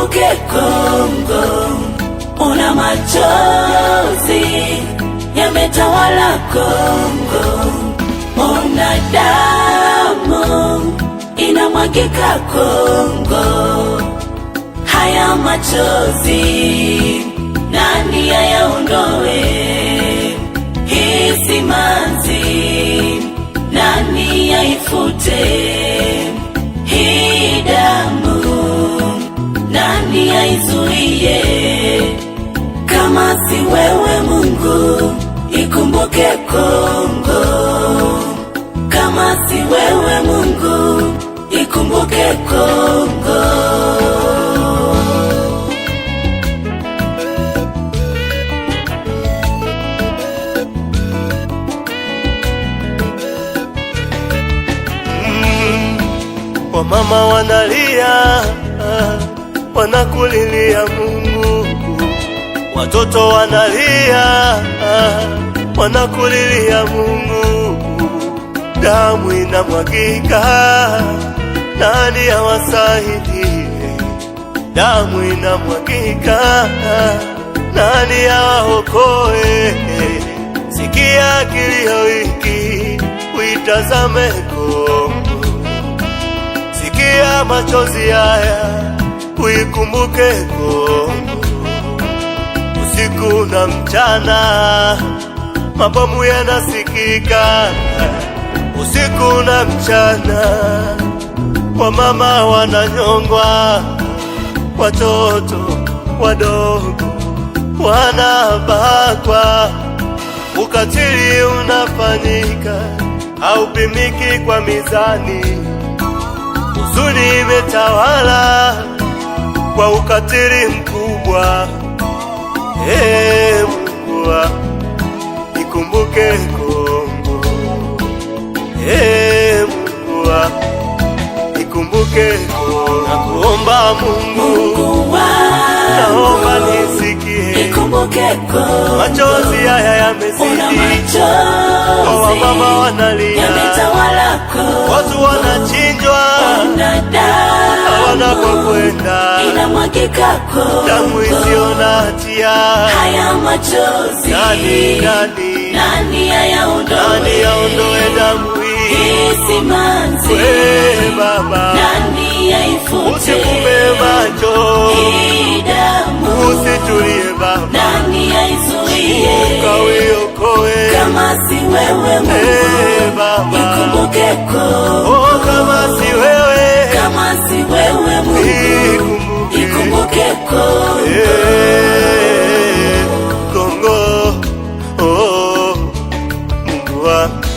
Nikumbuke Kongo, una machozi yametawala Kongo, una damu inamwagika Kongo, haya machozi nani ayaondoe? Hii simanzi nani yaifute? kama si wewe Mungu, ikumbuke Kongo. Kama si wewe Mungu, ikumbuke Kongo. Mm, mama wanalia, wanakulilia Mungu watoto wanalia, wanakulilia Mungu, damu inamwagika, nani awasaidie? Damu inamwagika, nani awaokoe? Sikia kilio hiki, uitazame Kongo, sikia machozi haya, uikumbuke Kongo usiku na mchana, mabomu yanasikika usiku na mchana. kwa mama wananyongwa, watoto wadogo wanabakwa, ukatili unafanyika, haupimiki kwa mizani. Huzuni imetawala kwa ukatili mkubwa. Ee Mungu nikumbuke Kongo, Ee Mungu eh, nikumbuke Kongo. Nakuomba Mungu, naomba nisikie, machozi haya yamezidi, wamama wanalia, watu wanachinjwa wanapokwenda, inamwagika damu isiyo na hatia. Haya machozi, nani nani nani ayaondoe? Damu hii si simanzi, wewe Baba, nani yaifute? Usifume macho hii damu, usitulie Baba, nani yaizuie? okoe, kama si wewe Mungu, nikumbuke ee ko Congo, oh,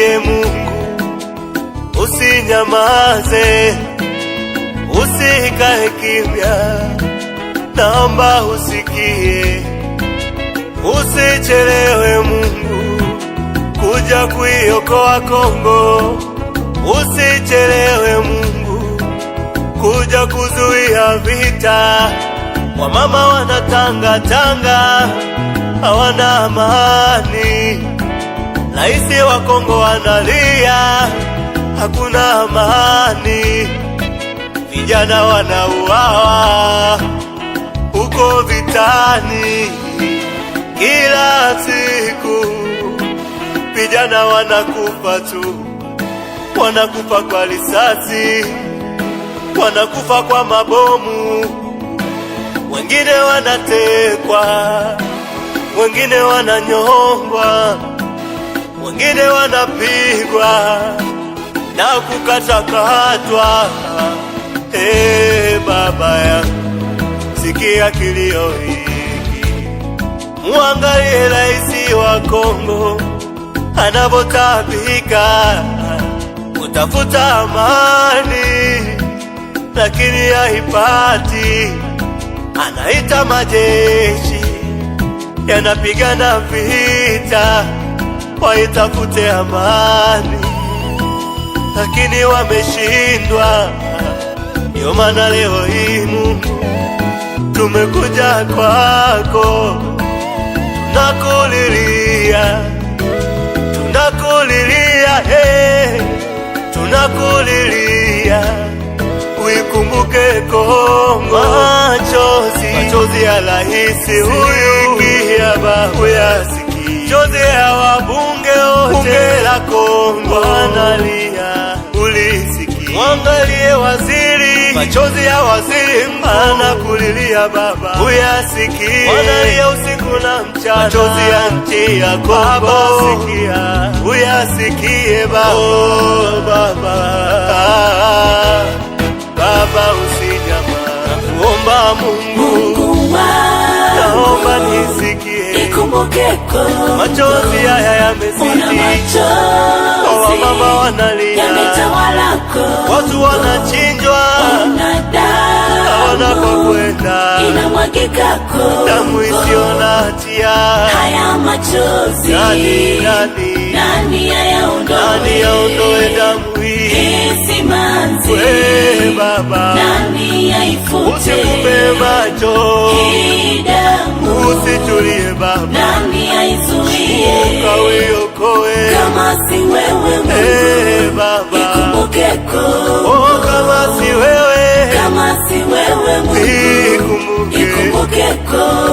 Tulie Mungu, usinyamaze, usikae kimya, naomba usikie, usichelewe Mungu kuja kuiokoa Kongo, usichelewe Mungu kuja kuzuia vita. Wamama tanga, hawana amani Raisi wa Kongo analia, hakuna amani, vijana wanauawa huko vitani, kila siku vijana wanakufa tu, wanakufa kwa risasi, wanakufa kwa mabomu, wengine wanatekwa, wengine wananyongwa wengine wanapigwa na kukatakatwa. Hey, Baba yangu sikia kilio hiki, muangalie raisi wa Kongo anavyotabika kutafuta amani, lakini haipati. Anaita majeshi yanapigana vita waitafute amani, lakini wameshindwa. Ndio maana leo hii Mungu tumekuja kwako, tunakulilia, tunakulilia, hey, eh, tunakulilia uikumbuke Kongo, machozi machozi ya rahisi huyu kiyaba huyasi ya wabunge wote la Kongo analia, ulisikia? Mwangalie waziri, machozi ya waziri anakulilia baba, uyasikie? Wanalia usiku na mchana, machozi ya nchi ya Kongo sikia, uyasikie baba, oh, baba, baba usijama, nakuomba Mungu Mgeko, machozi haya yamezidi, kwa mama wanalia, watu wanachinjwa, wanapokwenda damu isiyo na hatia. Haya machozi, nani yaondoe damu hii? Wewe Baba, usifume macho Usitulie Baba, nani aizuie? Ukaiokoe kama si wewe Mungu, eh, Baba nikumbukeko. Oh, kama si wewe, kama si wewe Mungu, nikumbukeko